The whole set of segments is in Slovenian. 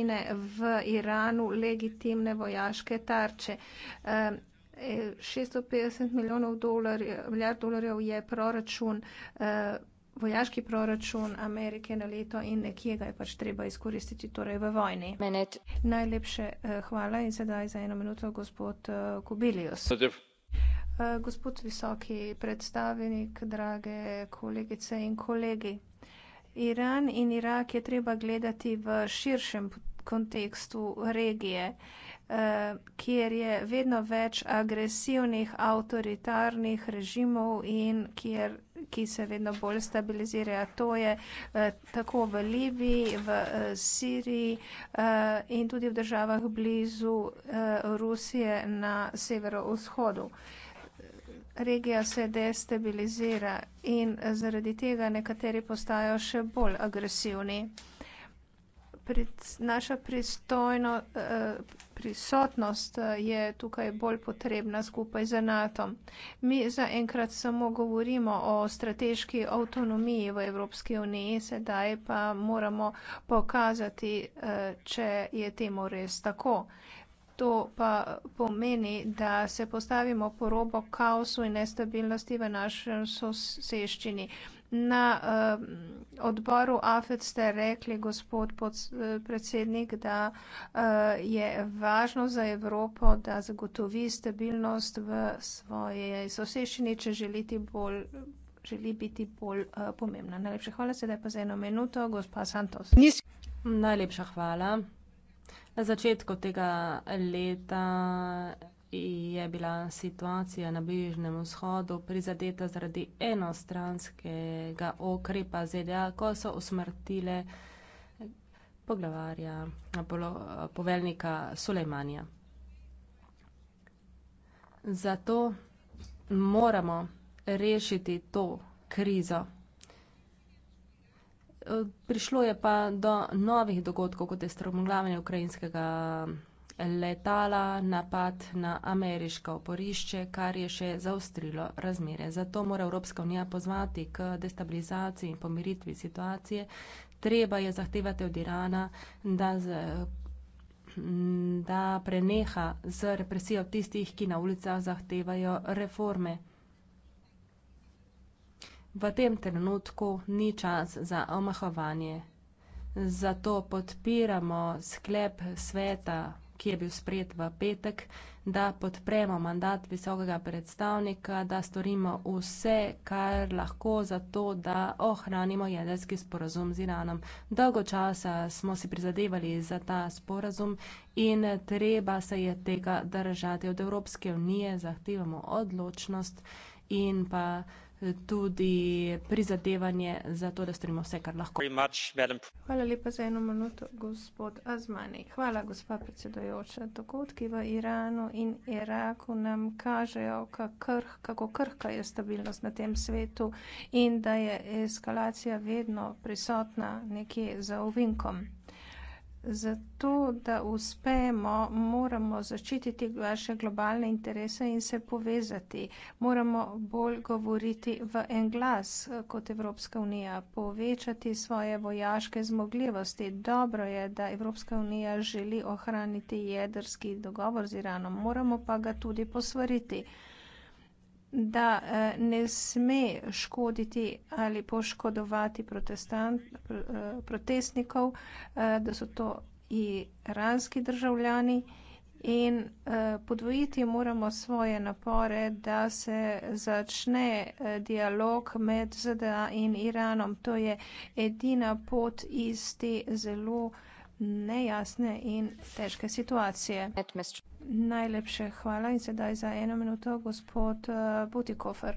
skupine v Iranu legitimne vojaške tarče. 650 e, milijonov dolarjev, milijard dolarjev je proračun, e, vojaški proračun Amerike na leto in nekje ga je pač treba izkoristiti torej v vojni. Menet. Najlepše e, hvala in sedaj za eno minuto gospod Kubilius. Zadev. Gospod visoki predstavnik, drage kolegice in kolegi. Iran in Irak je treba gledati v širšem kontekstu regije, eh, kjer je vedno več agresivnih avtoritarnih režimov in kjer, ki se vedno bolj stabilizirajo. To je eh, tako v Libiji, v eh, Siriji in tudi v državah blizu Rusije na severovzhodu. Regija se destabilizira in zaradi tega nekateri postajajo še bolj agresivni naša pristojno, eh, prisotnost eh, je tukaj bolj potrebna skupaj z NATO. Mi zaenkrat samo govorimo o strateški avtonomiji v Evropski uniji, sedaj pa moramo pokazati, eh, če je temu res tako. To pa pomeni, da se postavimo po robo kaosu in nestabilnosti v našem soseščini. Na uh, odboru AFED ste rekli, gospod pod, eh, predsednik, da uh, je važno za Evropo, da zagotovi stabilnost v svoje soseščini, če bolj, želi biti bolj uh, pomembna. Najlepša hvala, sedaj pa za eno minuto, gospa Santos. Nis Najlepša hvala. Na začetku tega leta je bila situacija na Bližnem vzhodu prizadeta zaradi enostranskega okrepa ZDA, ko so usmrtile poglavarja, poveljnika Sulejmanja. Zato moramo rešiti to krizo. Prišlo je pa do novih dogodkov, kot je strmoglavljanje ukrajinskega letala napad na ameriško oporišče, kar je še zaustrilo razmere. Zato mora Evropska unija pozvati k destabilizaciji in pomiritvi situacije. Treba je zahtevati od Irana, da, z, da preneha z represijo tistih, ki na ulicah zahtevajo reforme. V tem trenutku ni čas za omahovanje. Zato podpiramo sklep sveta ki je bil sprejet v petek, da podpremo mandat visokega predstavnika, da storimo vse, kar lahko za to, da ohranimo jedrski sporazum z Iranom. Dolgo časa smo si prizadevali za ta sporazum in treba se je tega držati. Od Evropske unije zahtevamo odločnost in pa tudi prizadevanje za to, da storimo vse, kar lahko. Hvala lepa za eno minuto, gospod Azmani. Hvala, gospa predsedojoča. Dogodki v Iranu in Iraku nam kažejo, kako krhka je stabilnost na tem svetu in da je eskalacija vedno prisotna nekje za ovinkom. Zato, da uspemo, moramo začititi vaše globalne interese in se povezati. Moramo bolj govoriti v en glas kot Evropska unija, povečati svoje vojaške zmogljivosti. Dobro je, da Evropska unija želi ohraniti jedrski dogovor z Iranom, moramo pa ga tudi posvariti da eh, ne sme škoditi ali poškodovati protestant, pr, eh, protestnikov, eh, da so to iranski državljani in eh, podvojiti moramo svoje napore, da se začne eh, dialog med ZDA in Iranom. To je edina pot iz te zelo nejasne in težke situacije. Edmestr Najlepše hvala in sedaj za eno minuto gospod uh, Butikofer.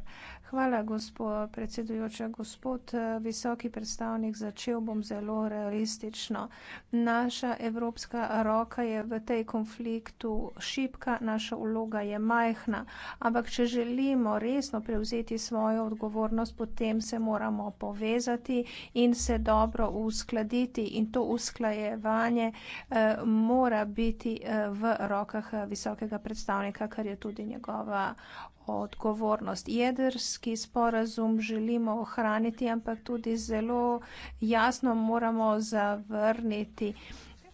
Hvala, gospod predsedujoča. Gospod eh, visoki predstavnik, začel bom zelo realistično. Naša evropska roka je v tej konfliktu šipka, naša vloga je majhna, ampak če želimo resno prevzeti svojo odgovornost, potem se moramo povezati in se dobro uskladiti in to usklajevanje eh, mora biti eh, v rokah eh, visokega predstavnika, kar je tudi njegova odgovornost. Jedrski sporazum želimo ohraniti, ampak tudi zelo jasno moramo zavrniti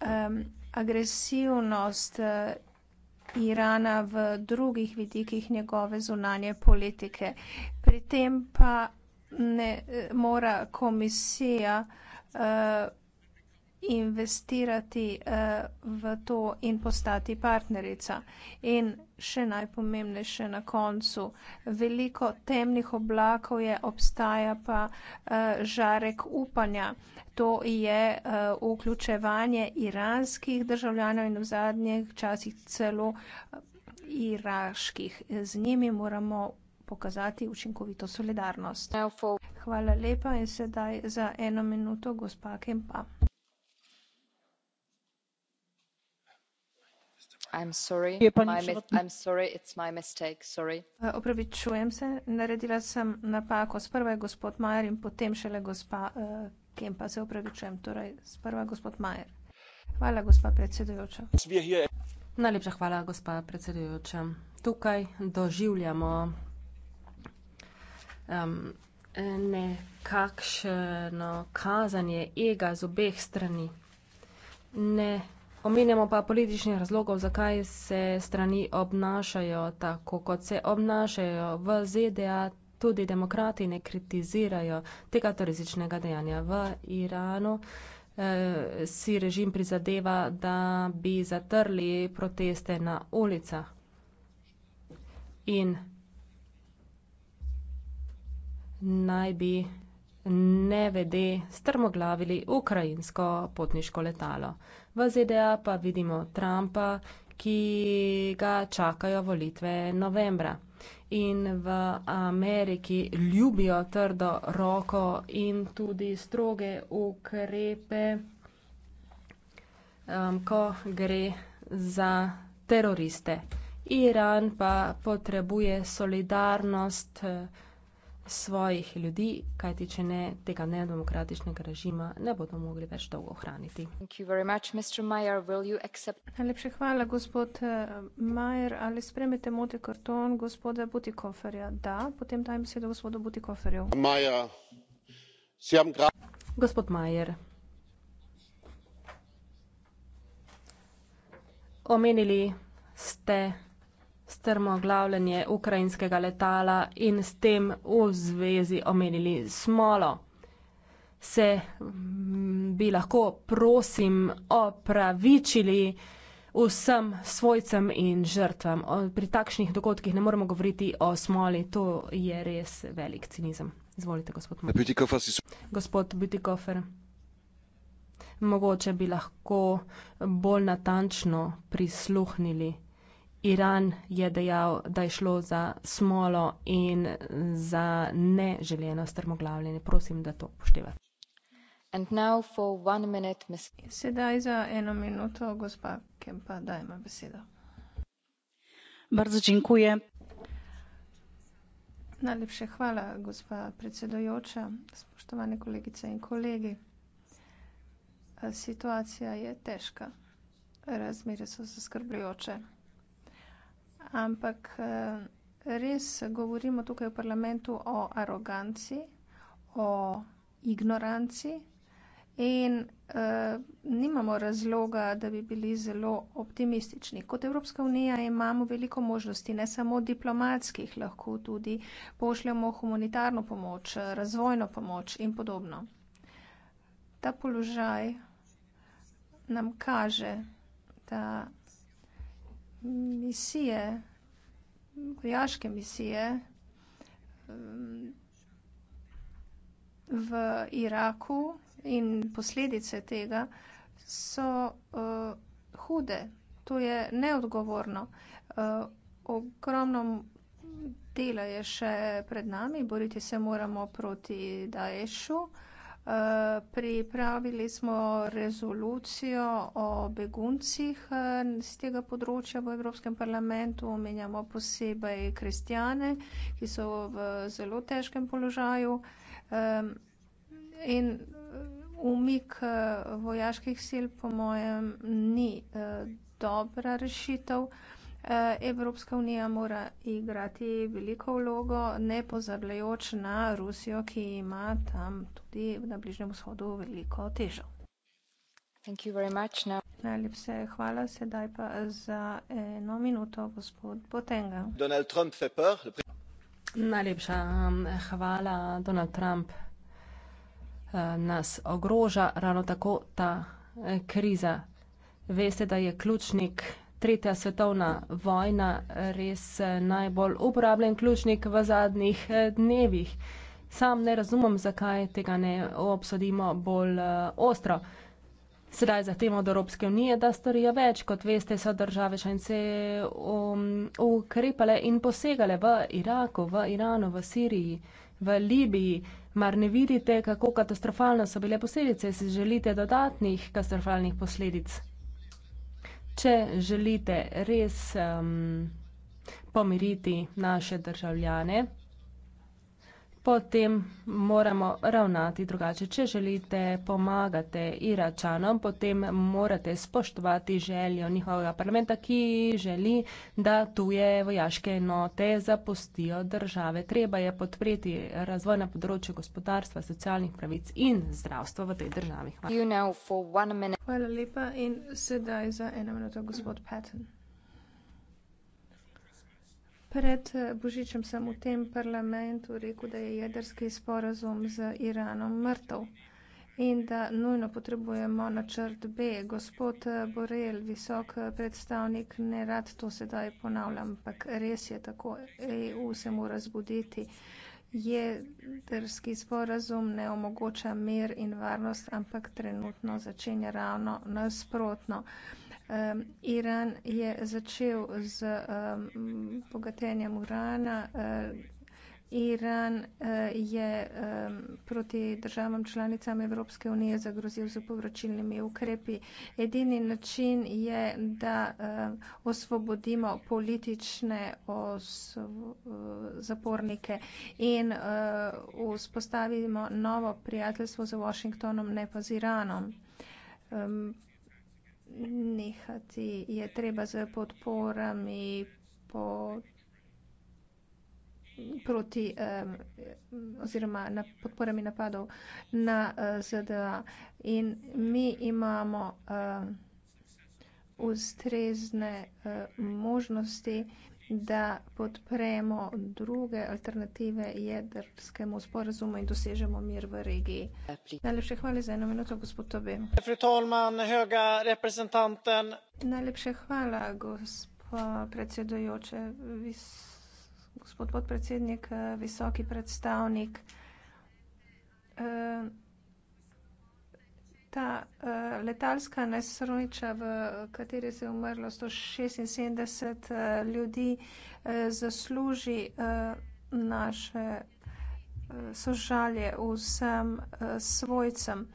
um, agresivnost uh, Irana v drugih vidikih njegove zunanje politike. Pri tem pa ne eh, mora komisija uh, investirati uh, v to in postati partnerica. In še najpomembnejše na koncu, veliko temnih oblakov je, obstaja pa uh, žarek upanja. To je uh, vključevanje iranskih državljanov in v zadnjih časih celo uh, iraških. Z njimi moramo pokazati učinkovito solidarnost. Hvala lepa in sedaj za eno minuto, gospa Kempa. opravičujem se naredila sem napako sprva je gospod Majer in potem šele gospa uh, e, Kempa se opravičujem torej sprva gospod Majer hvala gospa predsedujoča najlepša hvala gospa predsedujoča tukaj doživljamo um, nekakšno kazanje ega z obeh strani ne Omenjamo pa političnih razlogov, zakaj se strani obnašajo tako, kot se obnašajo v ZDA. Tudi demokrati ne kritizirajo tega terorističnega dejanja v Iranu. Eh, si režim prizadeva, da bi zatrli proteste na ulicah. In naj bi nevede strmoglavili ukrajinsko potniško letalo v ZDA pa vidimo Trumpa, ki ga čakajo volitve novembra. In v Ameriki ljubijo trdo roko in tudi stroge ukrepe, um, ko gre za teroriste. Iran pa potrebuje solidarnost. Uh, svojih ljudi, kajti če ne tega nedemokratičnega režima, ne bodo mogli več dolgo ohraniti. Najlepše hvala, gospod eh, Majer. Ali spremete moti karton gospoda Butikoferja? Da, potem dajem besedo gospodu Butikoferju. Gospod Majer. Omenili ste strmoglavljanje ukrajinskega letala in s tem v zvezi omenili smolo. Se mm, bi lahko, prosim, opravičili vsem svojcem in žrtvam. Pri takšnih dogodkih ne moremo govoriti o smoli, to je res velik cinizem. Izvolite, gospod Mojtkofer. Gospod Bütikofer, mogoče bi lahko bolj natančno prisluhnili. Iran je dejal, da je šlo za smolo in za neželjeno strmoglavljenje. Prosim, da to upoštevate. Sedaj za eno minuto, gospa Kempa, dajmo besedo. Najlepše hvala, gospa predsedojoča, spoštovane kolegice in kolegi. Situacija je težka, razmere so zaskrbljujoče ampak eh, res govorimo tukaj v parlamentu o aroganci, o ignoranci in uh, nimamo razloga, da bi bili zelo optimistični. Kot Evropska unija imamo veliko možnosti, ne samo diplomatskih, lahko tudi pošljamo humanitarno pomoč, razvojno pomoč in podobno. Ta položaj nam kaže, da misije, vojaške misije v Iraku in posledice tega so uh, hude. To je neodgovorno. Uh, ogromno dela je še pred nami. Boriti se moramo proti Daješu. Uh, Eh, pripravili smo rezolucijo o beguncih z eh, tega področja v Evropskem parlamentu. Omenjamo posebej kristjane, ki so v zelo težkem položaju. Eh, in umik vojaških sil, po mojem, ni dobra rešitev. Eh, Evropska unija mora igrati veliko vlogo, ne pozabljajoč na Rusijo, ki ima tam tudi na Bližnjem vzhodu veliko težo. Thank you very much now. Najlepše hvala sedaj pa za eno minuto, gospod Botenga. Donald Trump fait peur. Najlepša um, hvala. Donald Trump uh, nas ogroža, ravno tako ta eh, kriza. Veste, da je ključnik tretja svetovna vojna res najbolj uporabljen ključnik v zadnjih eh, dnevih. Sam ne razumem, zakaj tega ne obsodimo bolj eh, ostro. Sedaj zahtevamo od Evropske unije, da storijo več. Kot veste, so države članice um, ukrepale in posegale v Iraku, v Iranu, v Siriji, v Libiji. Mar ne vidite, kako katastrofalno so bile posledice? Si želite dodatnih katastrofalnih posledic? če želite res um, pomiriti naše državljane, potem moramo ravnati drugače. Če želite pomagati Iračanom, potem morate spoštovati željo njihovega parlamenta, ki želi, da tuje vojaške enote zapustijo države. Treba je podpreti razvoj na področju gospodarstva, socialnih pravic in zdravstva v tej državi. Hvala, Hvala lepa in sedaj za eno minuto, gospod Patton. Pred eh, Božičem sem v tem parlamentu rekel, da je jedrski sporazum z Iranom mrtev in da nujno potrebujemo načrt B. Gospod eh, Borel, visok eh, predstavnik, ne rad to sedaj ponavljam, ampak res je tako, EU se mora zbuditi. Jedrski sporazum ne omogoča mir in varnost, ampak trenutno začenja ravno nasprotno. Um, Iran je začel z um, bogatenjem urana. Uh, Iran uh, je um, proti državam članicam Evropske unije zagrozil z povračilnimi ukrepi. Edini način je, da um, osvobodimo politične osvo, zapornike in uh, vzpostavimo novo prijateljstvo z Washingtonom, ne pa z Iranom. Um, nehati, je treba z podporami po, proti, um, oziroma na podporami napadov na uh, eh, ZDA. In mi imamo um, ustrezne uh, možnosti, uh, da podpremo druge alternative jedrskemu sporazumu in dosežemo mir v regiji. Najlepše hvala za eno minuto, gospod Tobi. Najlepše hvala, gospod predsedujoče, gospod podpredsednik, visoki predstavnik. Uh, ta uh, letalska nesreča, v kateri se je umrlo 176 uh, eh, ljudi, uh, zasluži uh, naše uh, sožalje vsem uh, svojcem. Um,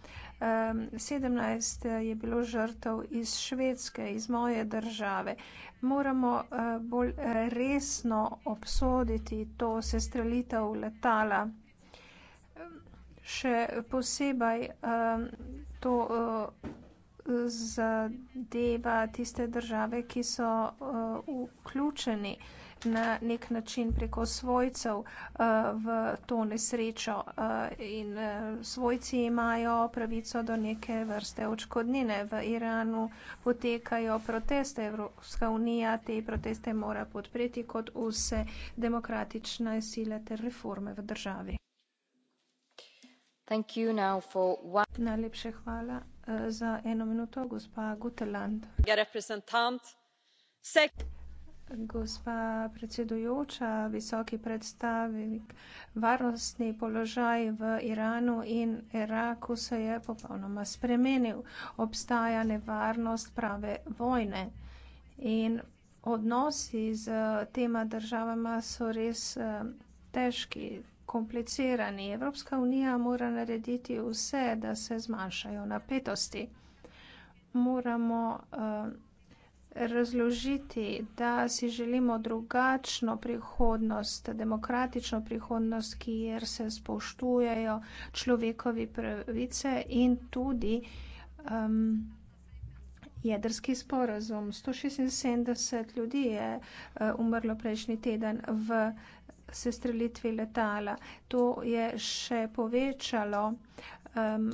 17 je bilo žrtev iz Švedske, iz moje države. Moramo uh, bolj resno obsoditi to sestrelitev letala. Um, še posebej um, to uh, zadeva tiste države, ki so uh, vključeni na nek način preko svojcev uh, v to nesrečo uh, in uh, svojci imajo pravico do neke vrste očkodnine. V Iranu potekajo proteste, Evropska unija te proteste mora podpreti kot vse demokratične sile ter reforme v državi najlepša hvala eh, za eno minuto gospa guteland. Ja, gospa predsedujoča visoki predstavnik varnostni položaj v iranu in iraku se je popolnoma spremenil obstaja nevarnost prave vojne in odnosi z tema državama so res eh, težki komplicirani. Evropska unija mora narediti vse, da se zmanjšajo napetosti. Moramo eh, razložiti, da si želimo drugačno prihodnost, demokratično prihodnost, kjer se spoštujejo človekovi pravice in tudi um, jedrski sporazum. 176 ljudi je uh, umrlo prejšnji teden v uh, sestrelitvi letala. To je še povečalo um,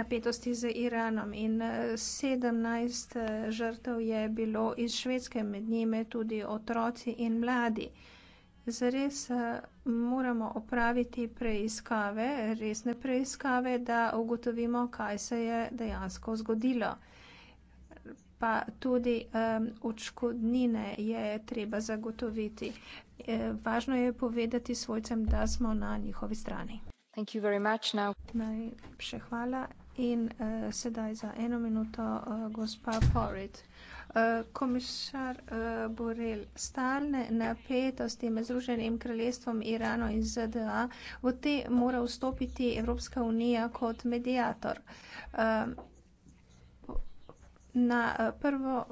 napetosti z Iranom in 17 uh, uh, žrtev je bilo iz Švedske, med njime tudi otroci in mladi. Zares uh, moramo opraviti preiskave, resne preiskave, da ugotovimo, kaj se je dejansko zgodilo pa tudi um, očkodnine je treba zagotoviti. E, važno je povedati svojcem, da smo na njihovi strani. Najlepše hvala. In uh, sedaj za eno minuto, uh, gospa Porit. Uh, e, komisar uh, Borel, stalne napetosti med Združenim kraljestvom Irano in ZDA, v te mora vstopiti Evropska unija kot medijator. Uh, na eh, prvo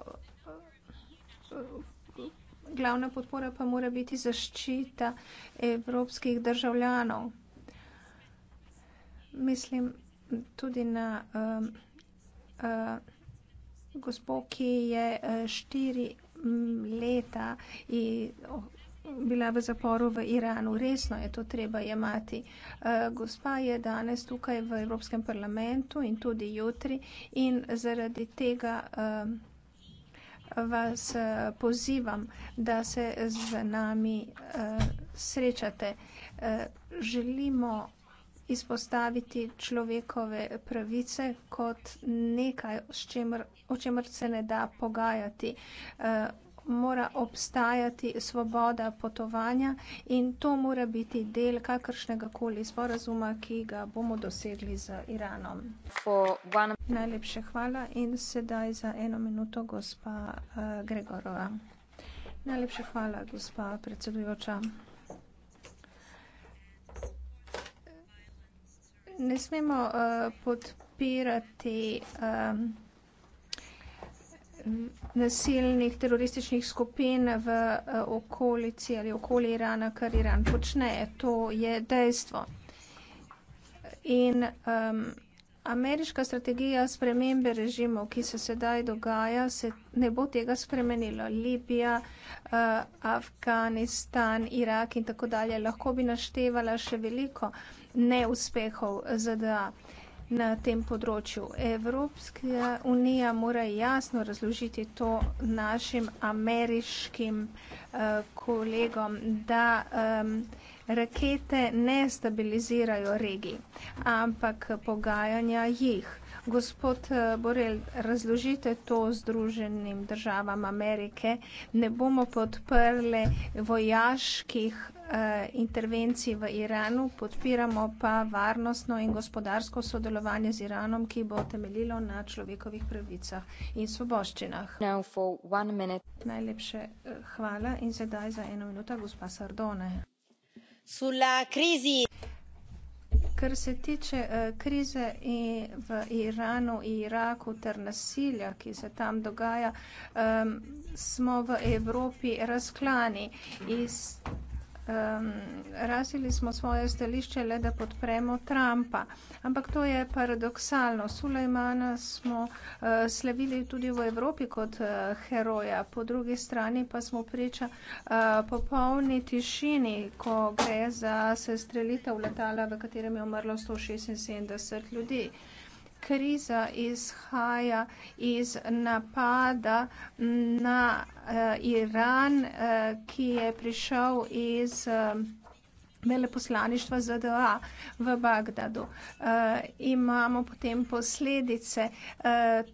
eh, glavna podpora pa mora biti zaščita evropskih državljanov. Mislim tudi na uh, uh, eh, gospod, ki je uh, štiri mm, leta in, oh, bila v zaporu v Iranu. Resno je to treba jemati. Eh, gospa je danes tukaj v Evropskem parlamentu in tudi jutri in zaradi tega eh, vas eh, pozivam, da se z nami srečate. Želimo izpostaviti človekove pravice kot nekaj, o čemer se ne da pogajati mora obstajati svoboda potovanja in to mora biti del kakršnega koli sporazuma, ki ga bomo dosegli z Iranom. One... Najlepše hvala in sedaj za eno minuto gospa uh, Gregorova. Najlepše hvala, gospa predsedujoča. Ne smemo uh, podpirati. Um, nasilnih terorističnih skupin v eh, okolici ali okoli Irana, kar Iran počne. To je dejstvo. In um, ameriška strategija spremembe režimov, ki se sedaj dogaja, se ne bo tega spremenila. Libija, uh, Afganistan, Irak in tako dalje. Lahko bi naštevala še veliko neuspehov ZDA. Uh, na tem področju. Evropska unija mora jasno razložiti to našim ameriškim eh, kolegom, da rakete ne stabilizirajo regij, ampak pogajanja jih. Gospod eh, Borel, razložite to Združenim državam Amerike. Ne bomo podprli vojaških eh, intervencij v Iranu, podpiramo pa varnostno in gospodarsko sodelovanje z Iranom, ki bo temeljilo na človekovih pravicah in svoboščinah. Najlepše eh, hvala in sedaj za eno minuto, gospa Sardone. Sulla crisi kar se tiče uh, krize in v Iranu, Iraku ter nasilja, ki se tam dogaja, um, smo v Evropi razklani. Iz um, razili smo svoje stališče le, da podpremo Trumpa. Ampak to je paradoksalno. Sulejmana smo uh, slavili tudi v Evropi kot uh, heroja, po drugi strani pa smo priča uh, popolni tišini, ko gre za sestrelitev letala, v katerem je umrlo 176 ljudi. Uh, kriza izhaja iz napada na uh, Iran, uh, ki je prišel iz uh, veleposlaništva ZDA v Bagdadu. Uh, imamo potem posledice uh,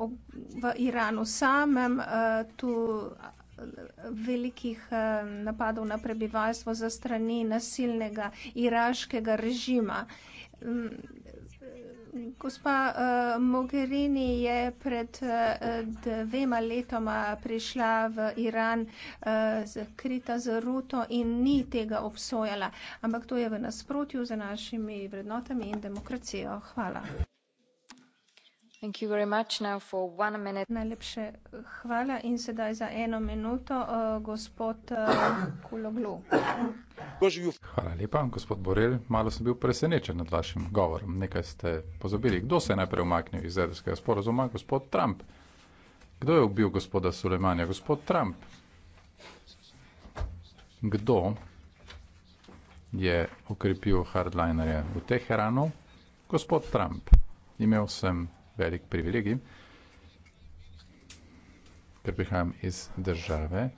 uh, v Iranu samem. Uh, tu, velikih napadov na prebivalstvo za strani nasilnega iraškega režima. Mm, Gospa uh, Mogherini je pred uh, dvema letoma prišla v Iran uh, zakrita z ruto in ni tega obsojala, ampak to je v nasprotju z našimi vrednotami in demokracijo. Hvala. Najlepša hvala. In sedaj za eno minuto, eh, gospod, eh, Kuloglu. Hvala lepa, gospod Borel. Malo sem bil presenečen nad vašim govorom. Nekaj ste pozabili. Kdo se je najprej umaknil iz jedrskega sporozuma? Gospod Trump. Kdo je ubil gospoda Sulemanja? Gospod Trump. Kdo je ukrepil hardlinerje v Teheranu? Gospod Trump. Imel sem velik privilegij, ker prihajam iz države,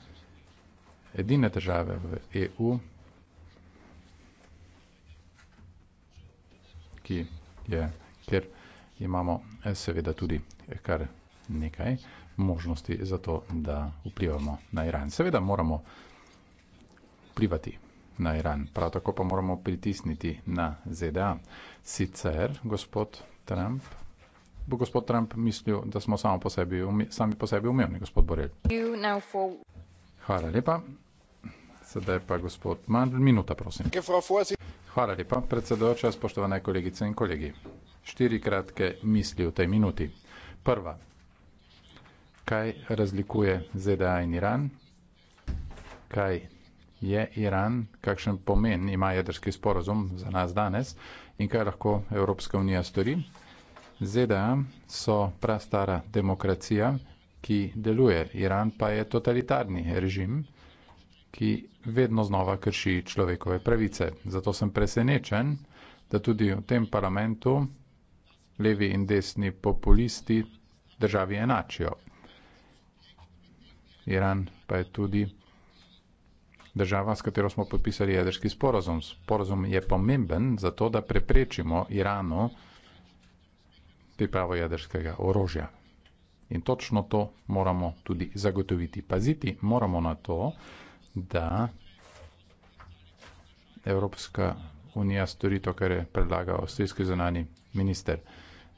edine države v EU, ki je, ker imamo eh, seveda tudi kar nekaj možnosti za to, da vplivamo na Iran. Seveda moramo vplivati na Iran, prav tako pa moramo pritisniti na ZDA. Sicer, gospod Trump, bo gospod Trump mislil, da smo samo po sebi, sami po sebi umevni, gospod Borel. Hvala lepa. Sedaj pa gospod Mandl, minuta prosim. Hvala lepa, predsedujoča, spoštovane kolegice in kolegi. Štiri kratke misli v tej minuti. Prva. Kaj razlikuje ZDA in Iran? Kaj je Iran? Kakšen pomen ima jedrski sporozum za nas danes? In kaj lahko Evropska unija stori? ZDA so prastara demokracija, ki deluje. Iran pa je totalitarni režim, ki vedno znova krši človekove pravice. Zato sem presenečen, da tudi v tem parlamentu levi in desni populisti državi enačijo. Iran pa je tudi država, s katero smo podpisali jedrski sporozum. Sporozum je pomemben zato, da preprečimo Iranu, pripravo jedrskega orožja. In točno to moramo tudi zagotoviti. Paziti moramo na to, da Evropska unija stori to, kar je predlagal avstrijski zunani minister.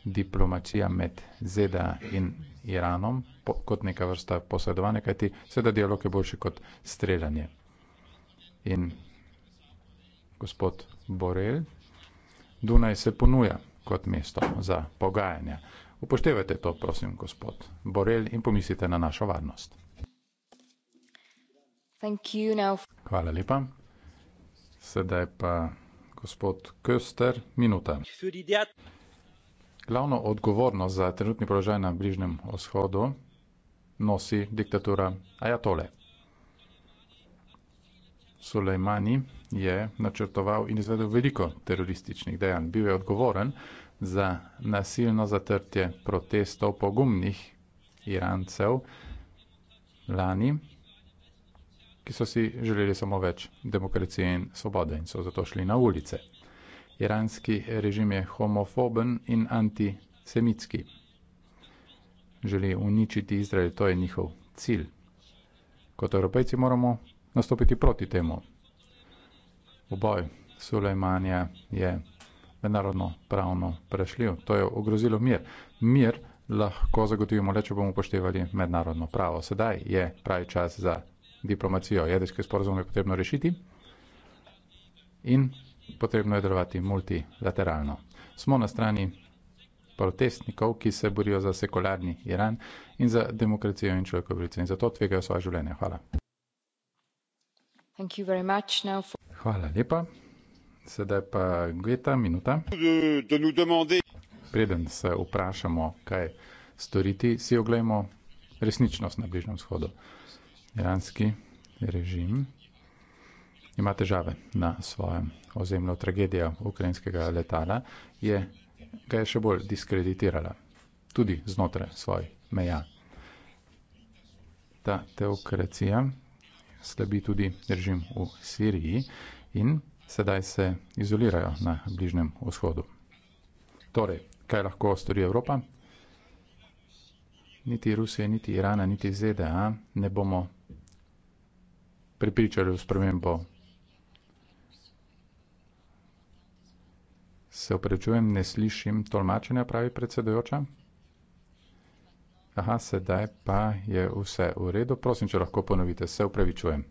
Diplomacija med ZDA in Iranom po, kot neka vrsta posredovanja, kajti seveda dialog je boljši kot streljanje. In gospod Borel, Dunaj se ponuja kot mesto za pogajanja. Upoštevajte to, prosim, gospod Borel, in pomislite na našo varnost. Hvala lepa. Sedaj pa gospod Köster, minuta. Glavno odgovornost za trenutni položaj na Bližnjem vzhodu nosi diktatura Ajatole. Sulejmani je načrtoval in izvedel veliko terorističnih dejanj. Bil je odgovoren za nasilno zatrtje protestov pogumnih Irancev lani, ki so si želeli samo več demokracije in svobode in so zato šli na ulice. Iranski režim je homofoben in antisemitski. Želi uničiti Izrael, to je njihov cilj. Kot evropejci moramo nastopiti proti temu. Oboj Sulejmanja je mednarodno pravno prešljiv. To je ogrozilo mir. Mir lahko zagotovimo le, če bomo upoštevali mednarodno pravo. Sedaj je pravi čas za diplomacijo. Jedrske sporozume je potrebno rešiti in potrebno je delovati multilateralno. Smo na strani protestnikov, ki se borijo za sekularni Iran in za demokracijo in človekovice in zato tvegajo svoje življenje. Hvala. Hvala lepa. Sedaj pa Geta, minuta. Preden se vprašamo, kaj storiti, si oglejmo resničnost na Bližnjem vzhodu. Iranski režim ima težave na svojem ozemlju. Tragedija ukrajinskega letala je ga je še bolj diskreditirala, tudi znotraj svoj meja. Ta teokracija slabi tudi režim v Siriji in sedaj se izolirajo na Bližnjem vzhodu. Torej, kaj lahko stori Evropa? Niti Rusije, niti Irana, niti ZDA ne bomo pripričali v spremembo. Se oprečujem, ne slišim tolmačenja, pravi predsedojoča. Aha, sedaj pa je vse v redu. Prosim, če lahko ponovite. Se upravičujem.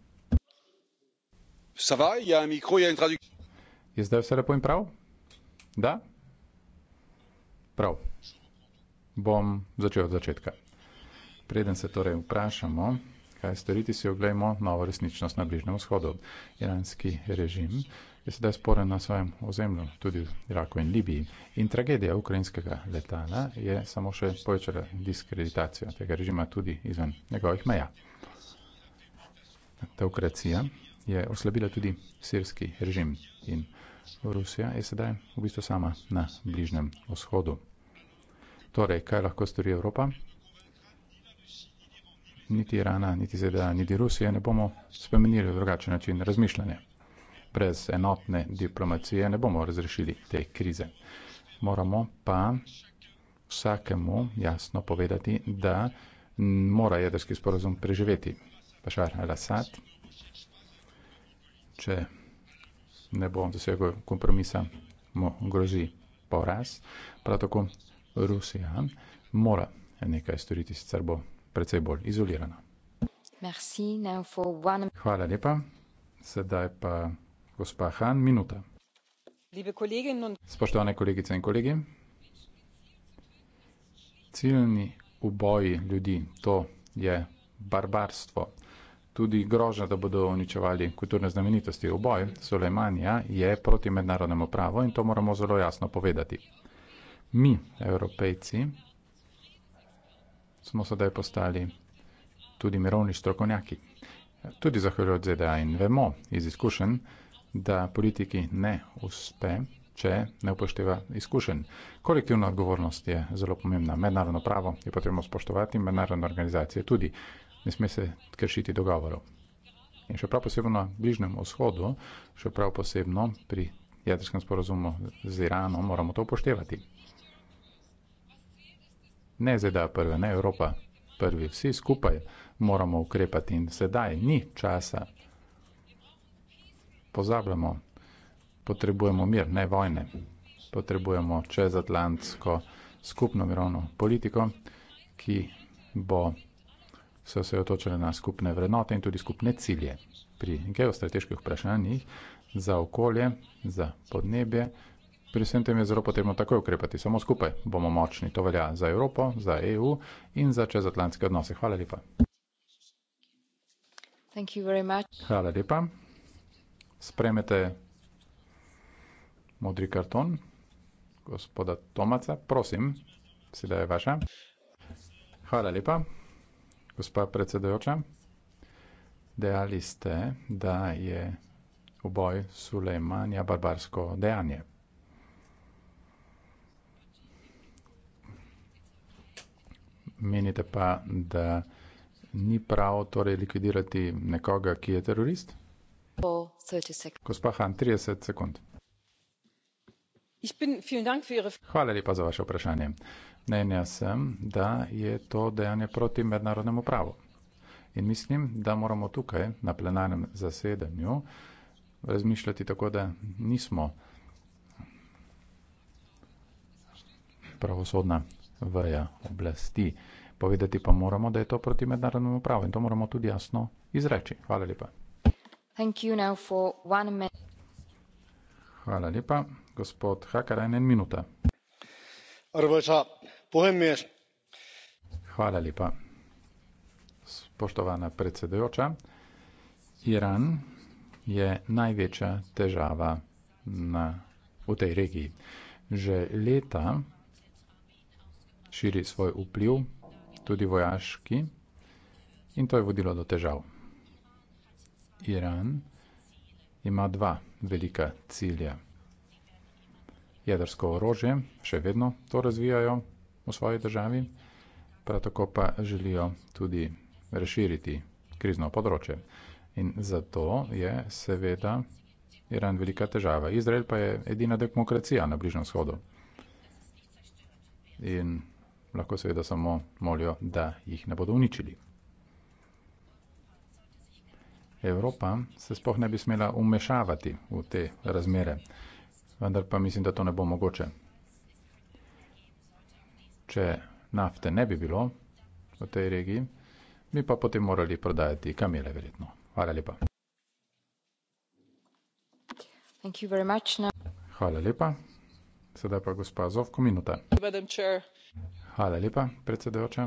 Ça va Il y a un micro, il y a une traduction. Je zdaj vse lepo in prav? Da? Prav. Bom začel od začetka. Preden se torej vprašamo, kaj storiti, si oglejmo novo resničnost na Bližnem vzhodu. Iranski režim je sedaj sporen na svojem ozemlju, tudi v Iraku in Libiji. In tragedija ukrajinskega letala je samo še povečala diskreditacijo tega režima tudi izven njegovih meja. Teokracija je oslabila tudi sirski režim in Rusija je sedaj v bistvu sama na Bližnjem vzhodu. Torej, kaj lahko stori Evropa? Niti Irana, niti ZDA, niti Rusije ne bomo spremenili v drugačen način razmišljanja. Brez enotne diplomacije ne bomo razrešili te krize. Moramo pa vsakemu jasno povedati, da mora jedrski sporozum preživeti. Bašar al-Assad če ne bo dosegel kompromisa, mu grozi poraz. Prav tako Rusija mora nekaj storiti, sicer bo precej bolj izolirana. Merci, one... Hvala lepa. Sedaj pa gospa Han, minuta. Und... Spoštovane kolegice in kolegi, ciljni uboji ljudi, to je barbarstvo tudi grožnja, da bodo uničevali kulturne znamenitosti. Oboj Sulejmanija je proti mednarodnemu pravu in to moramo zelo jasno povedati. Mi, evropejci, smo sedaj postali tudi mirovni strokovnjaki. Tudi zahvaljujoč ZDA in vemo iz izkušenj, da politiki ne uspe, če ne upošteva izkušenj. Kolektivna odgovornost je zelo pomembna. Mednarodno pravo je potrebno spoštovati, mednarodne organizacije tudi ne sme se kršiti dogovorov. In še prav posebno na Bližnjem vzhodu, še prav posebno pri jedrskem sporozumu z Iranom, moramo to upoštevati. Ne ZDA prve, ne Evropa prvi, vsi skupaj moramo ukrepati in sedaj ni časa. Pozabljamo, potrebujemo mir, ne vojne. Potrebujemo čezatlantsko skupno mirovno politiko, ki bo se osredotočale na skupne vrednote in tudi skupne cilje. Pri geostrateških vprašanjih za okolje, za podnebje, pri vsem tem je zelo potrebno takoj ukrepati, samo skupaj bomo močni. To velja za Evropo, za EU in za čezatlantske odnose. Hvala lepa. Hvala lepa. Spremete modri karton gospoda Tomaca, prosim, sedaj je vaša. Hvala lepa. Gospa predsedajoča, dejali ste, da je uboj Sulejmanja barbarsko dejanje. Menite pa, da ni prav torej likvidirati nekoga, ki je terorist? Gospa Han, 30 sekund. Hvala lepa za vaše vprašanje mnenja sem, da je to dejanje proti mednarodnemu pravu. In mislim, da moramo tukaj na plenarnem zasedanju razmišljati tako, da nismo pravosodna vrja oblasti. Povedati pa moramo, da je to proti mednarodnemu pravu in to moramo tudi jasno izreči. Hvala lepa. Hvala lepa. Gospod Hakar, en minuta. Arvača puhemies Hvala lepa. Spoštovana predsedujoča, Iran je največja težava na, v tej regiji. Že leta širi svoj vpliv, tudi vojaški, in to je vodilo do težav. Iran ima dva velika cilja. Jedrsko orožje še vedno to razvijajo, v svoji državi, prav tako pa želijo tudi razširiti krizno področje. In zato je seveda Iran velika težava. Izrael pa je edina demokracija na Bližnjem shodu. In lahko seveda samo molijo, da jih ne bodo uničili. Evropa se spoh ne bi smela umešavati v te razmere, vendar pa mislim, da to ne bo mogoče če nafte ne bi bilo v tej regiji, bi pa potem morali prodajati kamele, verjetno. Hvala lepa. Hvala lepa. Sedaj pa gospa Zovko Minuta. Hvala lepa, predsedujoča.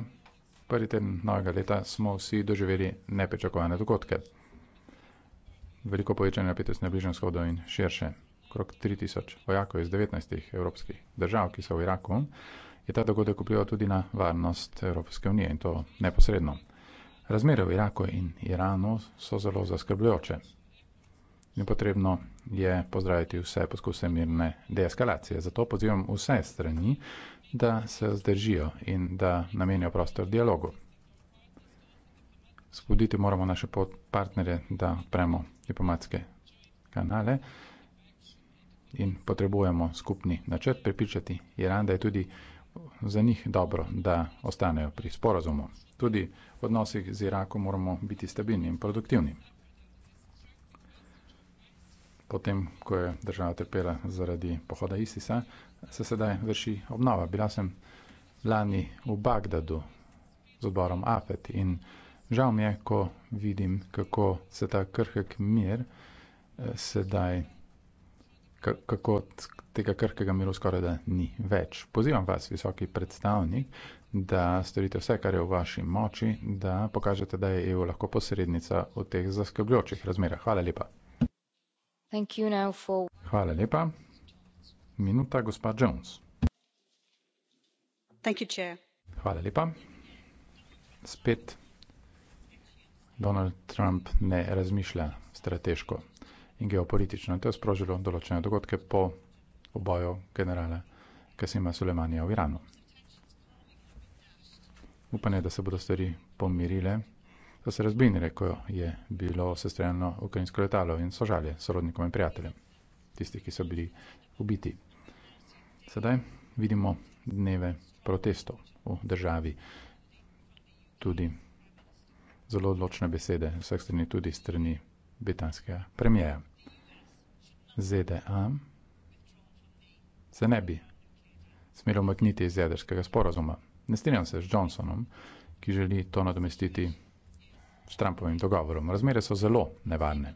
Prvi teden novega leta smo vsi doživeli nepričakovane dogodke. Veliko povečanje napetosti na Bližnjem shodu in širše. Krok 3000 vojakov iz 19 evropskih držav, ki so v Iraku, je ta dogodek vplival tudi na varnost Evropske unije in to neposredno. Razmere v Iraku in Iranu so zelo zaskrbljujoče. Nepotrebno je pozdraviti vse poskuse mirne deeskalacije. Zato pozivam vse strani, da se zdržijo in da namenijo prostor dialogu. Spoditi moramo naše partnere, da premo diplomatske kanale in potrebujemo skupni načrt prepričati Iran, da je tudi za njih dobro, da ostanejo pri sporazumu. Tudi v odnosih z Irakom moramo biti stabilni in produktivni. Potem, ko je država trpela zaradi pohoda ISIS-a, se sedaj vrši obnova. Bila sem lani v Bagdadu z odborom AFET in žal mi je, ko vidim, kako se ta krhek mir eh, sedaj, kako, tega krkega miru skoraj da ni več. Pozivam vas, visoki predstavnik, da storite vse, kar je v vaši moči, da pokažete, da je EU lahko posrednica v teh zaskrbljujočih razmerah. Hvala lepa. For... Hvala lepa. Minuta, gospa Jones. You, Hvala lepa. Spet Donald Trump ne razmišlja strateško in geopolitično. To je sprožilo določene dogodke po po boju generala Kasima Sulemanija v Iranu. Upanje, da se bodo stvari pomirile, da se razbinile, ko je bilo sestreljeno ukrajinsko letalo in sožalje sorodnikom in prijateljem, tisti, ki so bili ubiti. Sedaj vidimo dneve protestov v državi, tudi zelo odločne besede vseh strani, tudi strani britanskega premijeja. ZDA se ne bi smelo umakniti iz jedrskega sporazuma. Ne strinjam se z Johnsonom, ki želi to nadomestiti s Trumpovim dogovorom. Razmere so zelo nevarne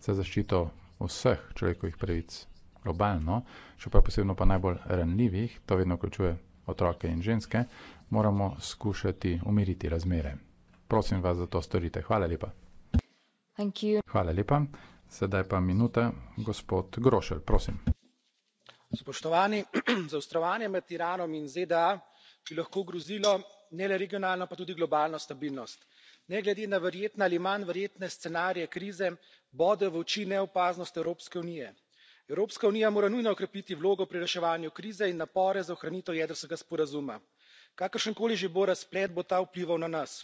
za zaščito vseh človekovih pravic globalno, še pa posebno pa najbolj ranljivih, to vedno vključuje otroke in ženske, moramo skušati umiriti razmere. Prosim vas, da to storite. Hvala lepa. Thank you. Hvala lepa. Sedaj pa minuta, gospod Grošelj, prosim. Spoštovani, zaostrovanje med Iranom in ZDA bi lahko ogrozilo ne le regionalno, pa tudi globalno stabilnost. Ne glede na verjetne ali manj verjetne scenarije krize bode v oči neopaznost Evropske unije. Evropska unija mora nujno okrepiti vlogo pri reševanju krize in napore za ohranitev jedrskega sporazuma. Kakršenkoli že bo razplet, bo ta vplival na nas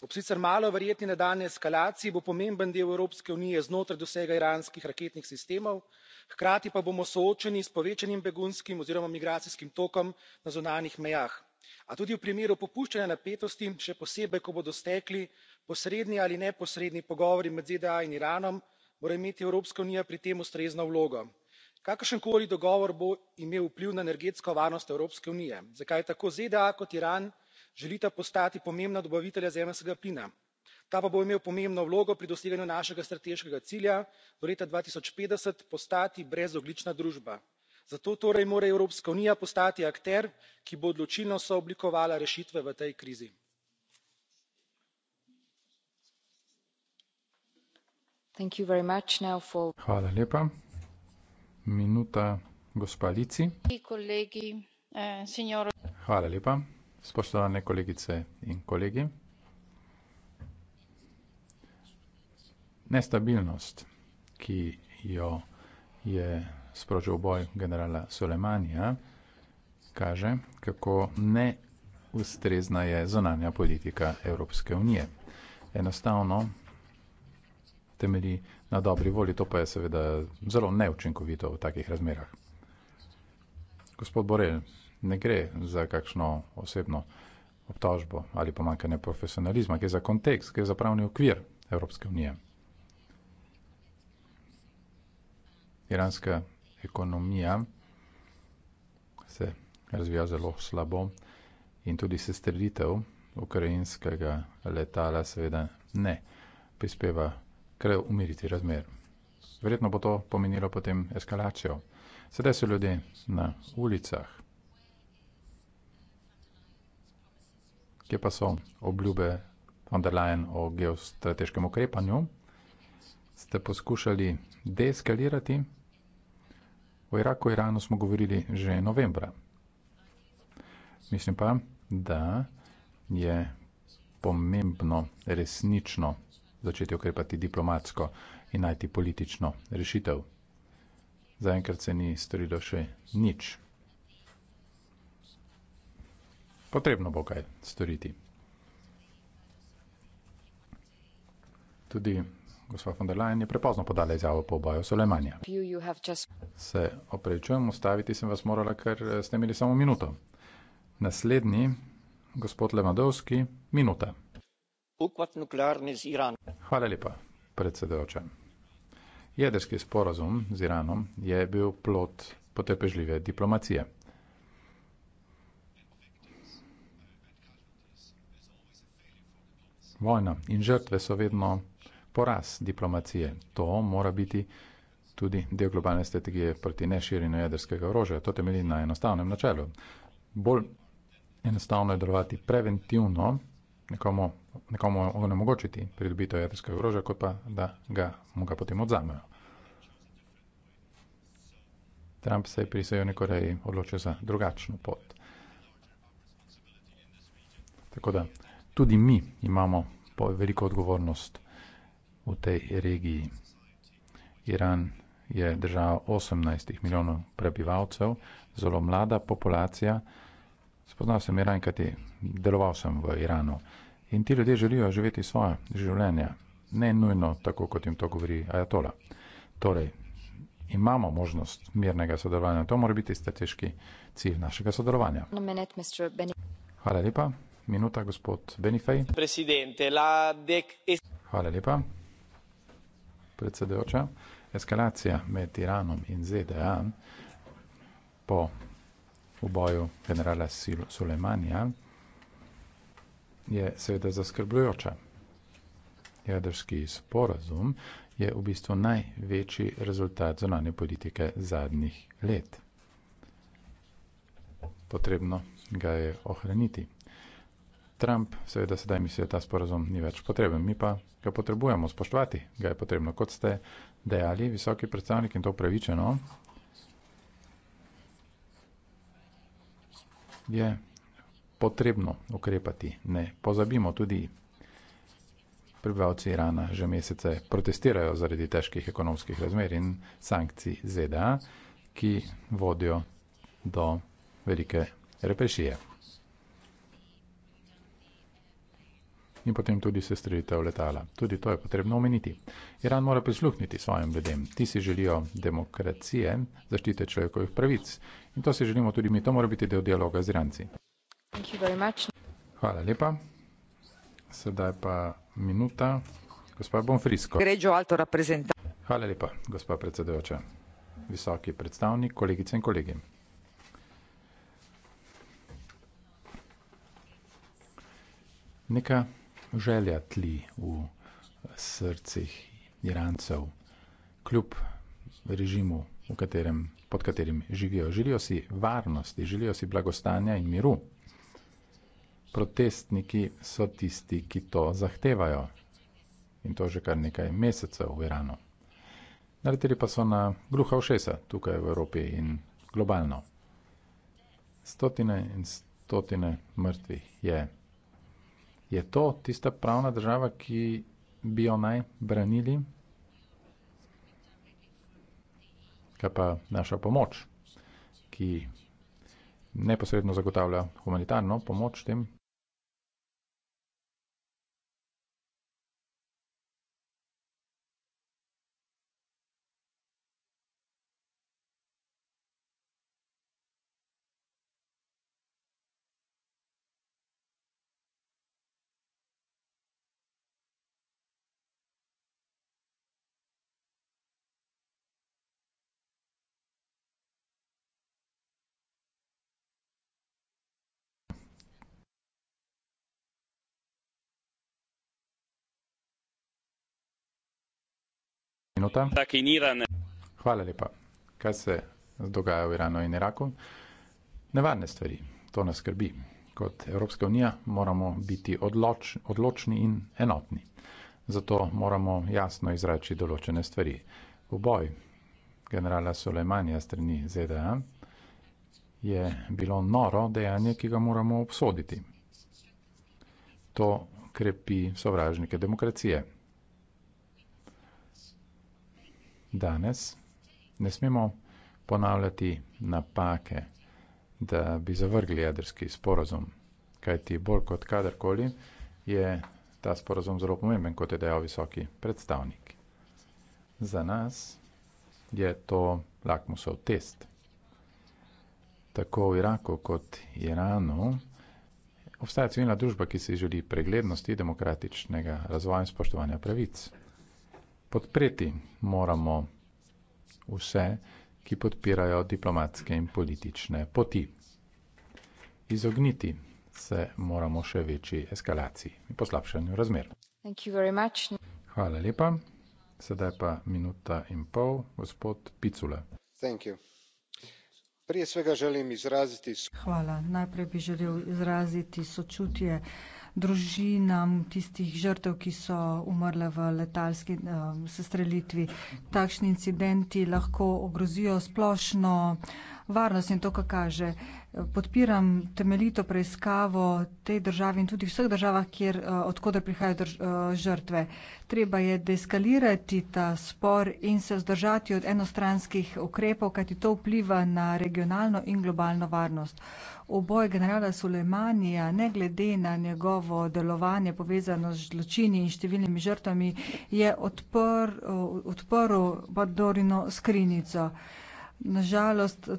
ob sicer malo verjetni nadaljnji eskalaciji bo pomemben del evropske unije znotraj dosega iranskih raketnih sistemov hkrati pa bomo soočeni s povečanim begunskim oziroma migracijskim tokom na zunanjih mejah a tudi v primeru popuščanja napetosti še posebej ko bodo stekli posredni ali neposredni pogovori med zda in iranom mora imeti evropska unija pri tem ustrezno vlogo. kakršenkoli dogovor bo imel vpliv na energetsko varnost evropske unije za kaj tako zda kot iran želita postati pomembna dobavitelja zemeljskega plina ta pa bo imel pomembno vlogo pri doseganju našega strateškega cilja do leta dva tisoč petdeset postati brezogljična družba zato torej mora evropska unija postati akter ki bo odločilno sooblikovala rešitve v tej krizi. Spoštovane kolegice in kolegi. Nestabilnost, ki jo je sprožil boj generala Soleimanija, kaže, kako neustrezna je zunanja politika Evropske unije. Enostavno temelji na dobri volji, to pa je seveda zelo neučinkovito v takih razmerah. Gospod Borel, ne gre za kakšno osebno obtožbo ali pomankanje profesionalizma, gre za kontekst, gre za pravni okvir Evropske unije. Iranska ekonomija se razvija zelo slabo in tudi sestrelitev ukrajinskega letala seveda ne prispeva k umiriti razmer. Verjetno bo to pomenilo potem eskalacijo. Sedaj so ljudje na ulicah, Kje pa so obljube von der Leyen o geostrateškem ukrepanju? Ste poskušali deeskalirati? O Iraku in Iranu smo govorili že novembra. Mislim pa, da je pomembno resnično začeti ukrepati diplomatsko in najti politično rešitev. Zaenkrat se ni storilo še nič potrebno bo kaj storiti. Tudi gospod von der Leyen je prepozno podala izjavo po oboju Solemanja. Se oprečujem, ustaviti sem vas morala, ker eh, ste imeli samo minuto. Naslednji, gospod Lemadovski, minuta. Hvala lepa, predsedoča. Jedrski sporazum z Iranom je bil plot potrpežljive diplomacije. vojna in žrtve so vedno poraz diplomacije. To mora biti tudi del globalne strategije proti neširjenju jedrskega orožja. To temelji na enostavnem načelu. Bolj enostavno je delovati preventivno, nekomu, nekomu onemogočiti pridobitev jedrskega orožja, kot pa da ga mu ga potem odzamejo. Trump se je pri Sejoni Koreji odločil za drugačno pot. Tako da tudi mi imamo veliko odgovornost v tej regiji. Iran je država 18 milijonov prebivalcev, zelo mlada populacija. Spoznal sem Iran, kajti deloval sem v Iranu. In ti ljudje želijo živeti svoje življenje, ne nujno tako, kot jim to govori Ajatola. Torej, imamo možnost mirnega sodelovanja. To mora biti strateški cilj našega sodelovanja. Hvala lepa. Minuta, gospod Benifej. Hvala lepa, predsedujoča. Eskalacija med Iranom in ZDA po uboju generala Sulejmanija je seveda zaskrbljujoča. Jedrski sporazum je v bistvu največji rezultat zonanje politike zadnjih let. Potrebno ga je ohraniti. Trump seveda sedaj misli, da ta sporazum ni več potreben, mi pa ga potrebujemo spoštovati, ga je potrebno, kot ste dejali, visoki predstavnik in to pravičeno. Je potrebno ukrepati, ne pozabimo tudi. Prebivalci Irana že mesece protestirajo zaradi težkih ekonomskih razmer in sankcij ZDA, ki vodijo do velike represije. in potem tudi se strelitev letala. Tudi to je potrebno omeniti. Iran mora prisluhniti svojim ljudem. Ti si želijo demokracije, zaščite človekovih pravic. In to si želimo tudi mi. To mora biti del dialoga z Iranci. Hvala lepa. Sedaj pa minuta. Gospa Bonfrisko. Hvala lepa, gospa predsedujoča. Visoki predstavnik, kolegice in kolegi. Neka želja tli v srcih Irancev, kljub režimu, katerem, pod katerim živijo. Želijo si varnosti, želijo si blagostanja in miru. Protestniki so tisti, ki to zahtevajo. In to že kar nekaj mesecev v Iranu. Narediteli pa so na gruha ušesa tukaj v Evropi in globalno. Stotine in stotine mrtvih je je to tista pravna država, ki bi jo naj branili? Kaj pa naša pomoč, ki neposredno zagotavlja humanitarno pomoč tem minuta. Hvala lepa. Kaj se dogaja v Iranu in Iraku? Nevarne stvari. To nas skrbi. Kot Evropska unija moramo biti odloč, odločni in enotni. Zato moramo jasno izrači določene stvari. V boj generala Soleimanja strani ZDA je bilo noro dejanje, ki ga moramo obsoditi. To krepi sovražnike demokracije. danes, ne smemo ponavljati napake, da bi zavrgli jedrski sporozum, kajti bolj kot kadarkoli je ta sporozum zelo pomemben, kot je dejal visoki predstavnik. Za nas je to lakmusov test. Tako v Iraku kot Iranu obstaja civilna družba, ki si želi preglednosti demokratičnega razvoja in spoštovanja pravic podpreti moramo vse, ki podpirajo diplomatske in politične poti. Izogniti se moramo še večji eskalaciji in poslabšanju razmer. Hvala lepa. Sedaj pa minuta in pol, gospod Picula. Prije svega želim izraziti... Hvala. Najprej bi želel izraziti sočutje družinam tistih žrtev, ki so umrle v letalski eh, sestrelitvi. Takšni incidenti lahko ogrozijo splošno varnost in to, kar kaže podpiram temeljito preiskavo te države in tudi vseh državah, kjer, eh, odkudar prihajajo drž, eh, žrtve. Treba je deskalirati ta spor in se vzdržati od enostranskih ukrepov, kajti to vpliva na regionalno in globalno varnost. Oboj generala Sulejmanija, ne glede na njegovo delovanje povezano z zločini in številnimi žrtvami, je odprl, odprl Badorino skrinico. Nažalost,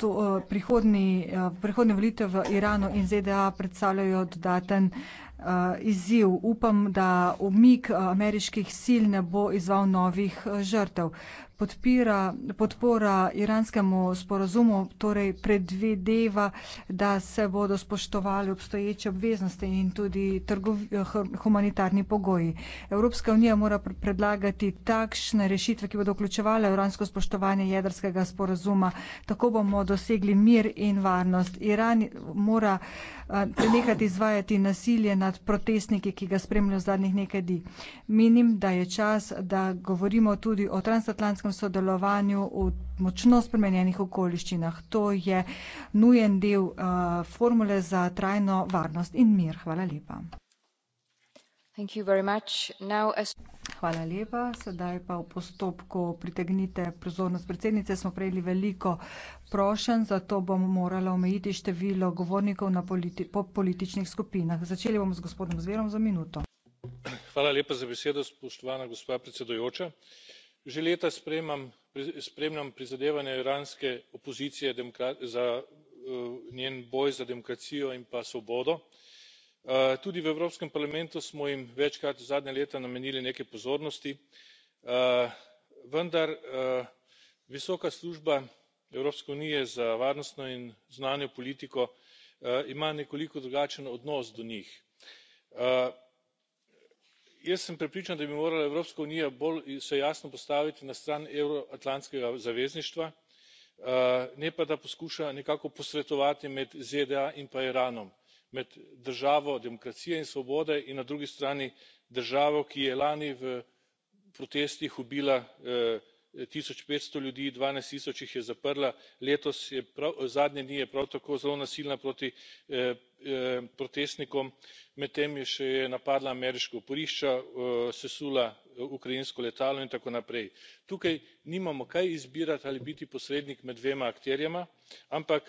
to, prihodni, eh, prihodne eh, volitve v Iranu in ZDA predstavljajo dodaten Eh, izziv. Upam, da umik eh, ameriških sil ne bo izval novih eh, žrtev. Podpira, podpora iranskemu sporazumu torej predvedeva, da se bodo spoštovali obstoječe obveznosti in tudi trgovi, humanitarni pogoji. Evropska unija mora predlagati takšne rešitve, ki bodo vključevale iransko spoštovanje jedrskega sporazuma. Tako bomo dosegli mir in varnost. Iran mora uh, prenehati izvajati nasilje nad protestniki, ki ga spremljajo zadnjih nekaj dni. Menim, da je čas, da govorimo tudi o transatlantskem sodelovanju v močno spremenjenih okoliščinah. To je nujen del uh, formule za trajno varnost in mir. Hvala lepa. Hvala lepa. Sedaj pa v postopku pritegnite pozornost predsednice. Smo prejeli veliko prošenj, zato bom morala omejiti število govornikov na politi po političnih skupinah. Začeli bomo z gospodom Zverom za minuto. Hvala lepa za besedo, spoštovana gospa predsedujoča. Že leta spremam, spremljam prizadevanja iranske opozicije za eh, njen boj za demokracijo in pa svobodo. Eh, tudi v evropskem parlamentu smo jim večkrat zadnja leta namenili nekaj pozornosti eh, vendar eh, visoka služba evropske unije za varnostno in zunanjo politiko ima nekoliko drugačen odnos do njih. jaz sem prepričan da bi morala evropska unija bolj se jasno postaviti na stran evroatlantskega zavezništva ne pa da poskuša nekako posredovati med zda in pa iranom med državo demokracije in svobode in na drugi strani državo ki je lani v protestih ubila eh, tisoč petsto ljudi dvanajst tisoč jih je zaprla letos je zadnje dni je prav tako zelo nasilna proti eh, eh, protestnikom medtem je še napadla ameriška oporišča sesula ukrajinsko letalo in tako naprej. tukaj nimamo kaj izbirati ali biti posrednik med dvema akterjema ampak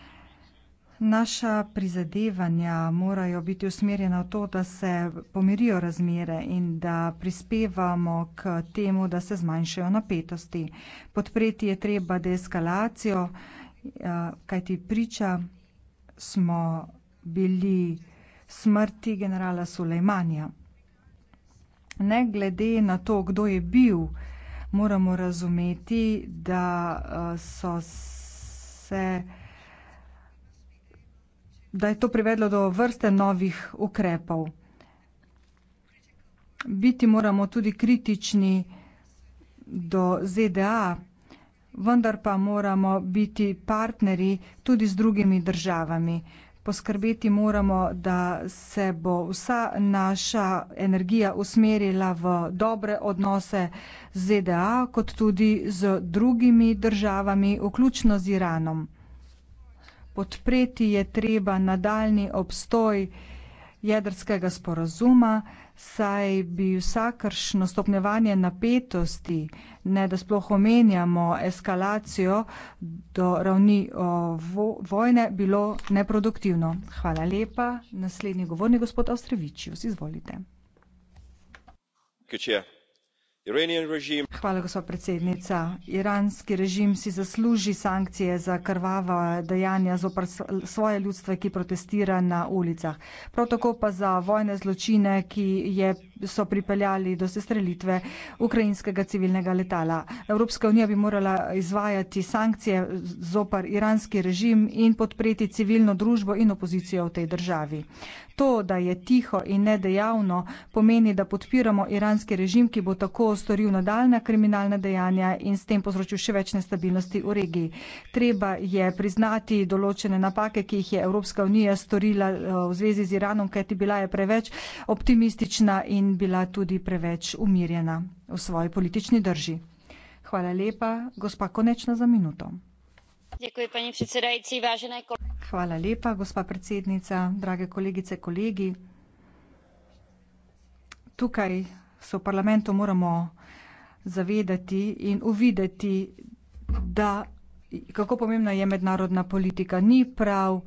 Naša prizadevanja morajo biti usmerjena v to, da se pomirijo razmere in da prispevamo k temu, da se zmanjšajo napetosti. Podpreti je treba deeskalacijo, eh, kajti priča smo bili smrti generala Sulejmanja. Ne glede na to, kdo je bil, moramo razumeti, da eh, so se da je to privedlo do vrste novih ukrepov. Biti moramo tudi kritični do ZDA, vendar pa moramo biti partnerji tudi z drugimi državami. Poskrbeti moramo, da se bo vsa naša energija usmerila v dobre odnose z ZDA, kot tudi z drugimi državami, vključno z Iranom podpreti je treba nadaljni obstoj jedrskega sporazuma, saj bi vsakršno stopnjevanje napetosti, ne da sploh omenjamo eskalacijo do ravni o, vo, vojne, bilo neproduktivno. Hvala lepa. Naslednji govornik, gospod Avstrijevičius, izvolite. Kičija. Hvala, gospa predsednica. Iranski režim si zasluži sankcije za krvava dejanja zoper svoje ljudstvo, ki protestira na ulicah. Prav tako pa za vojne zločine, ki je so pripeljali do sestrelitve ukrajinskega civilnega letala. Evropska unija bi morala izvajati sankcije zopar iranski režim in podpreti civilno družbo in opozicijo v tej državi. To, da je tiho in nedejavno, pomeni, da podpiramo iranski režim, ki bo tako storil nadaljna kriminalna dejanja in s tem povzročil še več nestabilnosti v regiji. Treba je priznati določene napake, ki jih je Evropska unija storila eh, v zvezi z Iranom, kajti bila je preveč optimistična in bila tudi preveč umirjena v svoji politični drži. Hvala lepa, gospa Konečna, za minuto. Děkuji, paní předsedající, vážené kol- Hvala lepa, gospa predsednica, drage kolegice, kolegi. Tukaj se v parlamentu moramo zavedati in uvideti, da kako pomembna je mednarodna politika. Ni prav,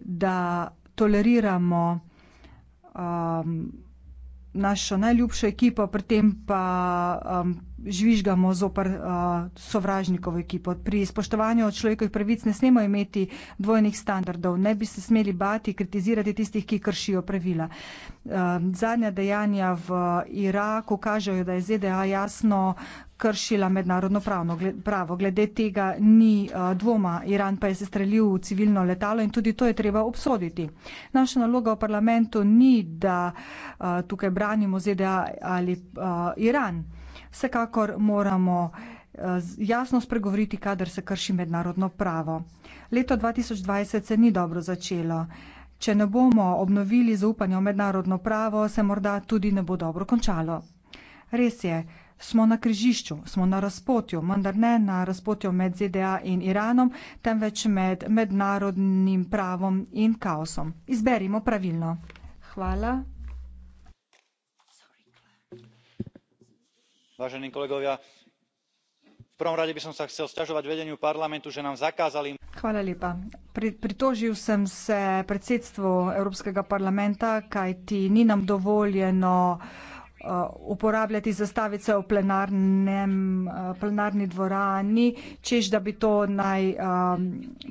da toleriramo um, naša najljubša ekipa, pri tem pa um, žvižgamo zopr uh, sovražnikov ekipo. Pri spoštovanju človekovih pravic ne smemo imeti dvojnih standardov, ne bi se smeli bati kritizirati tistih, ki kršijo pravila. Uh, zadnja dejanja v Iraku kažejo, da je ZDA jasno kršila mednarodno pravno, gled, pravo. Glede tega ni uh, dvoma. Iran pa je se strelil v civilno letalo in tudi to je treba obsoditi. Naša naloga v parlamentu ni, da uh, tukaj branimo ZDA ali uh, Iran. Vsekakor moramo eh, jasno spregovoriti, kadar se krši mednarodno pravo. Leto 2020 se ni dobro začelo. Če ne bomo obnovili zaupanje v mednarodno pravo, se morda tudi ne bo dobro končalo. Res je, smo na križišču, smo na razpotju, vendar ne na razpotju med ZDA in Iranom, temveč med mednarodnim pravom in kaosom. Izberimo pravilno. Hvala. vážení kolegovia v prvom rade by som sa chcel sťažovať vedeniu parlamentu že nám zakázali. pritožil sem se predsedstvu európskeho parlamenta kajti ni nam dovoljeno Uh, uporabljati zastavice v plenarnem, uh, plenarni dvorani, češ da bi to naj um,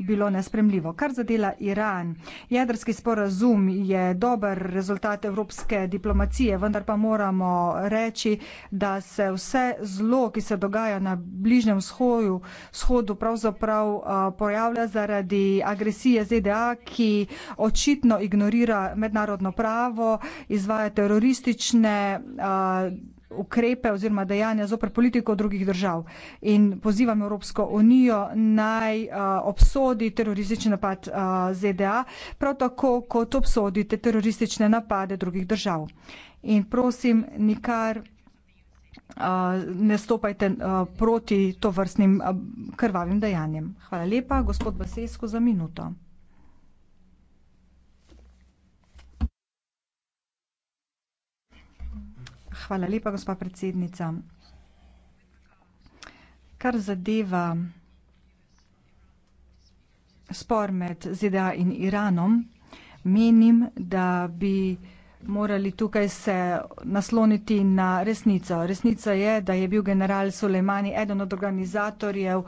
bilo nespremljivo. Kar zadela Iran, jedrski sporazum je dober rezultat evropske diplomacije, vendar pa moramo reči, da se vse zlo, ki se dogaja na bližnjem vzhodu, vzhodu pravzaprav uh, pojavlja zaradi agresije ZDA, ki očitno ignorira mednarodno pravo, izvaja teroristične uh, ukrepe oziroma dejanja zoper politiko drugih držav. In pozivam Evropsko unijo naj uh, obsodi teroristični napad uh, ZDA, prav tako kot obsodite teroristične napade drugih držav. In prosim, nikar uh, ne stopajte uh, proti to vrstnim uh, krvavim dejanjem. Hvala lepa, gospod Basesko, za minuto. Hvala lepa, gospa predsednica. Kar zadeva spor med ZDA in Iranom, menim, da bi morali tukaj se nasloniti na resnico. Resnica je, da je bil general Soleimani eden od organizatorjev uh,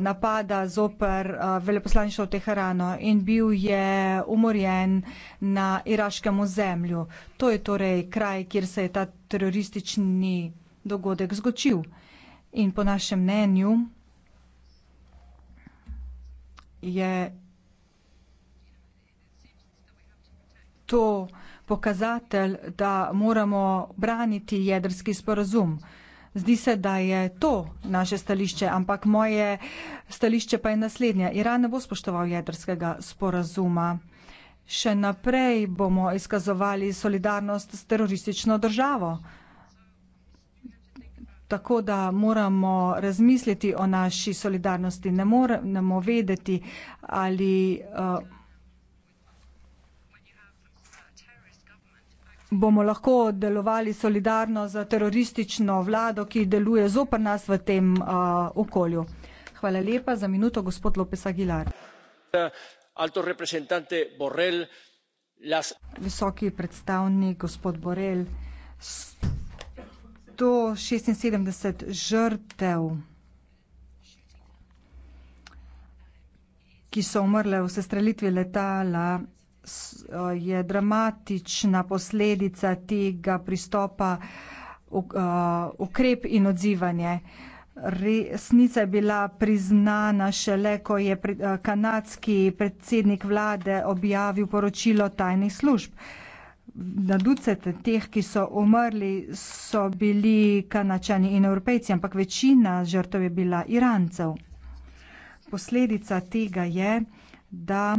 napada zoper uh, veleposlaništvo v Teheranu in bil je umorjen na iraškem ozemlju. To je torej kraj, kjer se je ta teroristični dogodek zgočil. In po našem mnenju je to pokazatelj, da moramo braniti jedrski sporazum. Zdi se, da je to naše stališče, ampak moje stališče pa je naslednje. Iran ne bo spoštoval jedrskega sporazuma. Še naprej bomo izkazovali solidarnost s teroristično državo. Tako da moramo razmisliti o naši solidarnosti. Ne moremo vedeti, ali. Uh, bomo lahko delovali solidarno za teroristično vlado, ki deluje zopr nas v tem uh, okolju. Hvala lepa za minuto, gospod Lopes Aguilar. Alto reprezentante Borrell, las... Visoki predstavnik, gospod Borrell, 176 žrtev, ki so umrle v sestrelitvi letala Eh, je dramatična posledica tega pristopa eh, ukrep in odzivanje. Resnica je bila priznana šele, ko je eh, kanadski predsednik vlade objavil poročilo tajnih služb. Na ducete teh, ki so umrli, so bili kanačani in evropejci, ampak večina žrtev je bila Irancev. Posledica tega je, da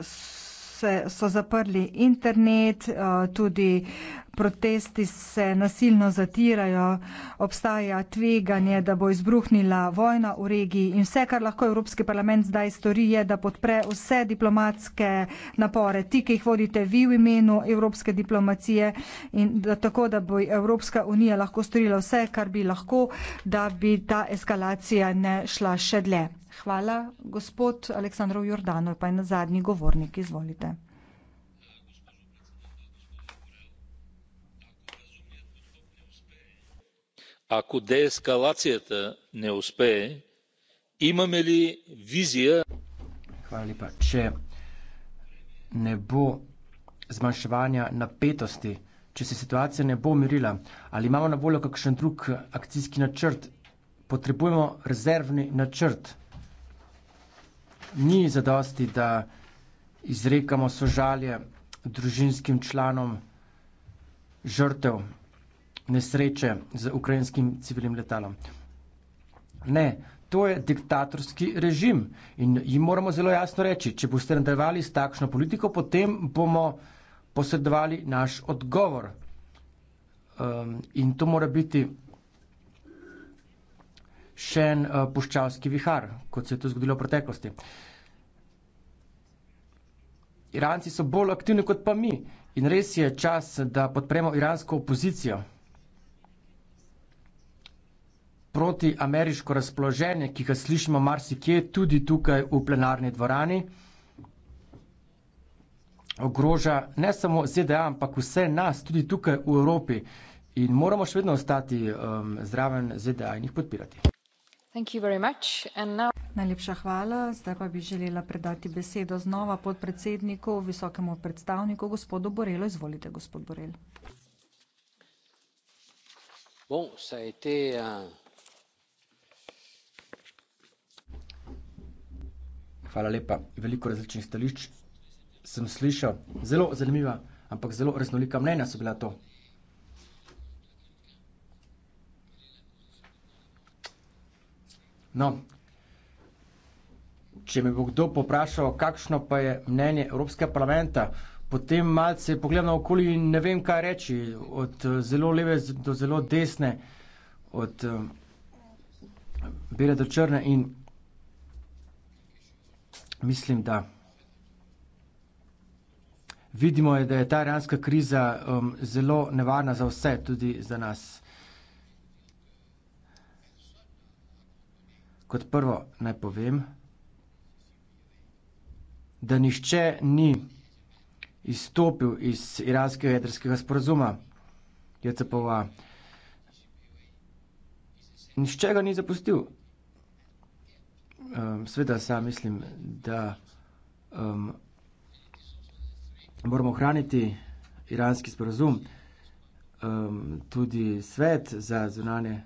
se, so zaprli internet, eh, tudi protesti se nasilno zatirajo, obstaja tveganje, da bo izbruhnila vojna v regiji in vse, kar lahko Evropski parlament zdaj stori, je, da podpre vse diplomatske napore, ti, ki jih vodite vi v imenu Evropske diplomacije in da tako, da bo Evropska unija lahko storila vse, kar bi lahko, da bi ta eskalacija ne šla še dlje. Hvala, gospod Aleksandrov Jordanov, pa je na zadnji govornik, izvolite. ако деескалацијата не успее, имаме ли визија? Хвала липа. Че не бо zmanjševanja napetosti, če se situacija ne bo umirila, ali imamo na voljo kakšen drug akcijski načrt, potrebujemo rezervni načrt. Ni zadosti, da izrekamo sožalje družinskim članom žrtev, nesreče z ukrajinskim civilnim letalom. Ne, to je diktatorski režim in jim moramo zelo jasno reči, če boste nadaljevali s takšno politiko, potem bomo posedovali naš odgovor. Um, in to mora biti še en uh, puščavski vihar, kot se je to zgodilo v preteklosti. Iranci so bolj aktivni kot pa mi in res je čas, da podpremo iransko opozicijo protiameriško razpoloženje, ki ga slišimo marsikje, tudi tukaj v plenarni dvorani, ogroža ne samo ZDA, ampak vse nas, tudi tukaj v Evropi. In moramo še vedno ostati um, zraven ZDA in jih podpirati. Thank you very much. And now... Najlepša hvala. Zdaj pa bi želela predati besedo znova podpredsedniku, visokemu predstavniku, gospodu Borelu. Izvolite, gospod Borel. Bon, ça a été un... Hvala lepa. Veliko različnih stališč sem slišal, zelo zanimiva, ampak zelo raznolika mnenja so bila to. No, če me bo kdo povprašal, kakšno pa je mnenje Evropskega parlamenta, potem malce pogledam okoli in ne vem, kaj reči, od eh, zelo leve do zelo desne, od eh, bele do črne in mislim, da vidimo, je, da je ta iranska kriza um, zelo nevarna za vse, tudi za nas. Kot prvo naj povem, da nišče ni izstopil iz iranskega jedrskega sporozuma JCPOA. Nišče ga ni zapustil um, sveda sam mislim, da um, moramo ohraniti iranski sporazum, um, tudi svet za zunanje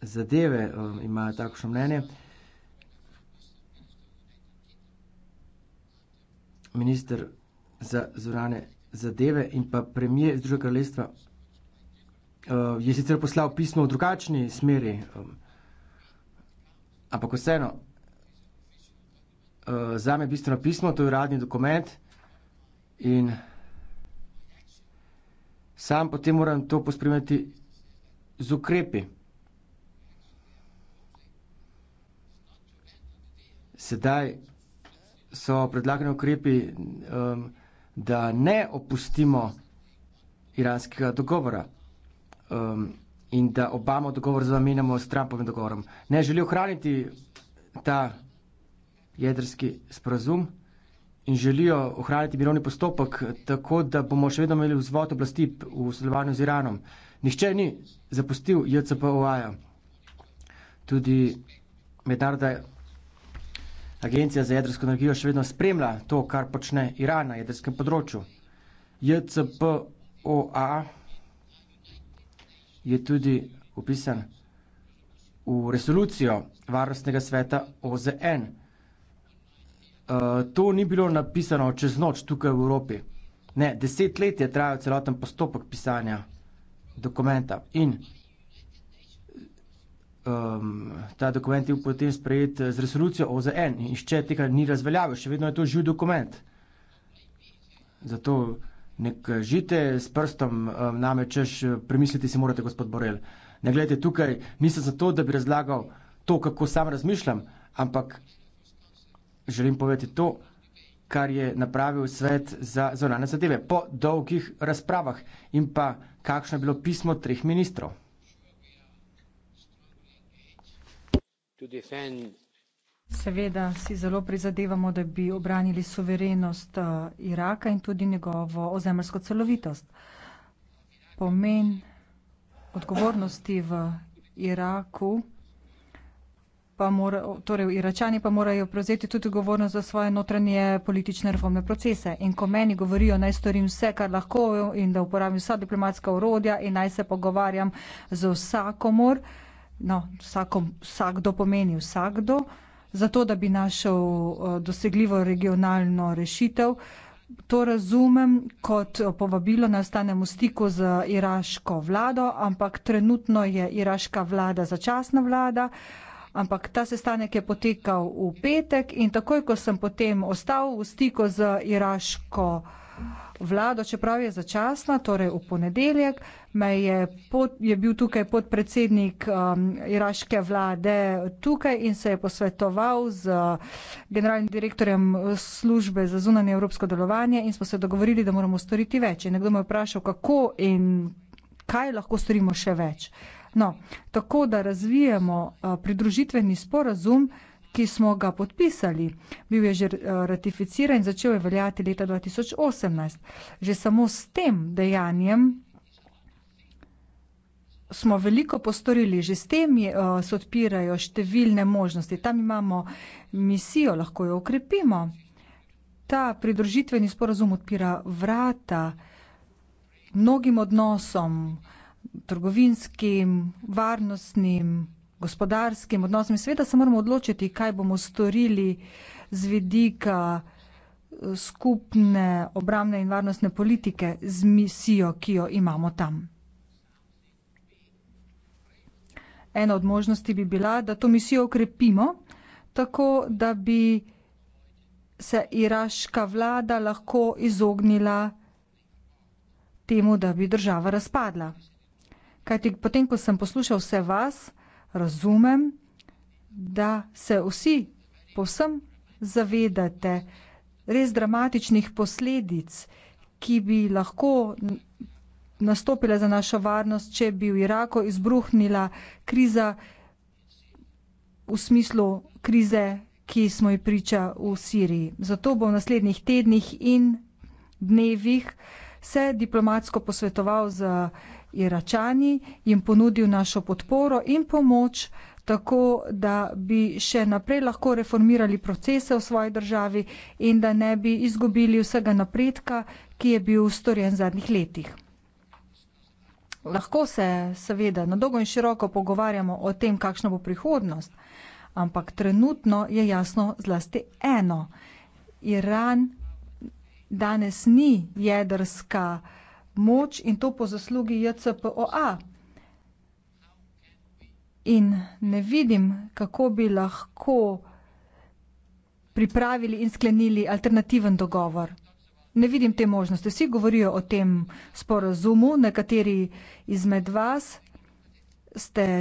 zadeve um, ima takošno mnenje. Minister za zunanje zadeve in pa premije iz druge kraljestva uh, je sicer poslal pismo v drugačni smeri, um, ampak vseeno, uh, eh, za me je bistveno pismo, to je uradni dokument in sam potem moram to pospremljati z ukrepi. Sedaj so predlagani ukrepi, um, da ne opustimo iranskega dogovora. Um, in da Obama dogovor zamenjamo s Trumpovim dogovorom. Ne želi ohraniti ta jedrski sporazum in želijo ohraniti mirovni postopek, tako da bomo še vedno imeli vzvod oblasti v sodelovanju z Iranom. Nihče ni zapustil JCPOA-ja. Tudi mednarodna agencija za jedrsko energijo še vedno spremlja to, kar počne Iran na jedrskem področju. JCPOA je tudi upisan v resolucijo Varnostnega sveta OZN. Uh, eh, to ni bilo napisano čez noč tukaj v Evropi. Ne, deset let je trajal celoten postopek pisanja dokumenta in um, ta dokument je potem sprejet z resolucijo OZN in še tega ni razveljavil, še vedno je to živ dokument. Zato nek eh, žite s prstom eh, name, češ, eh, premisliti si morate, gospod Borel. Ne gledajte tukaj, nisem zato, da bi razlagal to, kako sam razmišljam, ampak želim povedati to, kar je napravil svet za zonane zadeve po dolgih razpravah in pa kakšno je bilo pismo treh ministrov. To defend Seveda si zelo prizadevamo, da bi obranili suverenost eh, Iraka in tudi njegovo ozemljsko celovitost. Pomen odgovornosti v Iraku, pa mora, torej Iračani pa morajo prevzeti tudi odgovornost za svoje notranje politične reformne procese. In ko meni govorijo, naj storim vse, kar lahko in da uporabim vsa diplomatska orodja in naj se pogovarjam z vsakomor, no, vsakom, vsakdo pomeni vsakdo, zato, da bi našel eh, dosegljivo regionalno rešitev. To razumem kot povabilo na stanem v stiku z iraško vlado, ampak trenutno je iraška vlada začasna vlada, ampak ta sestanek je potekal v petek in takoj, ko sem potem ostal v stiku z iraško vlado, vlado, čeprav je začasna, torej v ponedeljek, me je, pod, je bil tukaj podpredsednik um, iraške vlade tukaj in se je posvetoval z uh, generalnim direktorjem uh, službe za zunanje evropsko delovanje in smo se dogovorili, da moramo storiti več. In nekdo me je vprašal, kako in kaj lahko storimo še več. No, tako da razvijemo uh, pridružitveni sporazum, uh, ki smo ga podpisali. Bil je že eh, ratificiran in začel je veljati leta 2018. Že samo s tem dejanjem smo veliko postorili, že s tem je, eh, se odpirajo številne možnosti. Tam imamo misijo, lahko jo ukrepimo. Ta pridružitveni sporazum odpira vrata mnogim odnosom, trgovinskim, varnostnim, gospodarskim odnosom. Sveda se moramo odločiti, kaj bomo storili z vidika eh, skupne obramne in varnostne politike z misijo, ki jo imamo tam. Ena od možnosti bi bila, da to misijo okrepimo, tako da bi se iraška vlada lahko izognila temu, da bi država razpadla. Kajti potem, ko sem poslušal vse vas, razumem, da se vsi povsem zavedate res dramatičnih posledic, ki bi lahko nastopile za našo varnost, če bi v Iraku izbruhnila kriza v smislu krize, ki smo ji priča v Siriji. Zato bo v naslednjih tednih in dnevih se diplomatsko posvetoval z Iračani, jim ponudil našo podporo in pomoč, tako da bi še naprej lahko reformirali procese v svoji državi in da ne bi izgubili vsega napredka, ki je bil ustvarjen v zadnjih letih. Lahko se seveda na dolgo in široko pogovarjamo o tem, kakšna bo prihodnost, ampak trenutno je jasno zlasti eno. Iran danes ni jedrska moč in to po zaslugi JCPOA. In ne vidim, kako bi lahko pripravili in sklenili alternativen dogovor. Ne vidim te možnosti. Vsi govorijo o tem sporazumu, nekateri izmed vas ste.